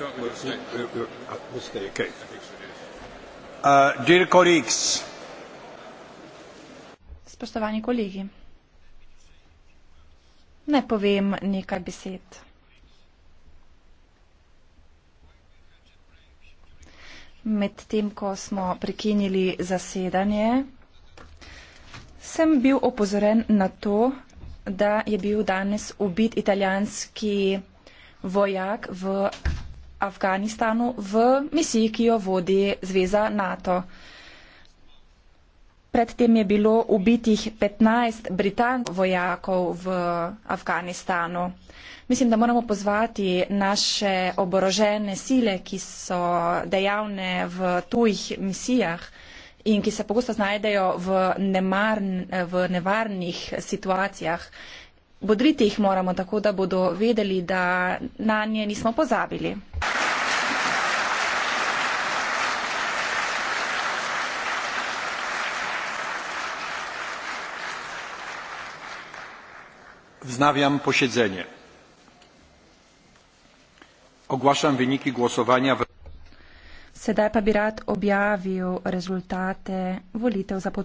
start with a mistake. A mistake. Okay. I think so, yes. uh, dear colleagues. Spoštovani kolegi. Ne povem nekaj besed. Medtem, ko smo prekinili zasedanje, sem bil opozoren na to, da je bil danes ubit italijanski vojak v Afganistanu v misiji, ki jo vodi Zveza NATO. Predtem je bilo ubitih 15 britank vojakov v Afganistanu. Mislim, da moramo pozvati naše oborožene sile, ki so dejavne v tujih misijah in ki se pogosto znajdejo v, nemarn, v nevarnih situacijah. Bodriti jih moramo tako, da bodo vedeli, da na nje nismo pozabili. Wznawiam posiedzenie. Ogłaszam wyniki głosowania. W... Sedaj pa bi rad objavil rezultate volitev za podpredsednika.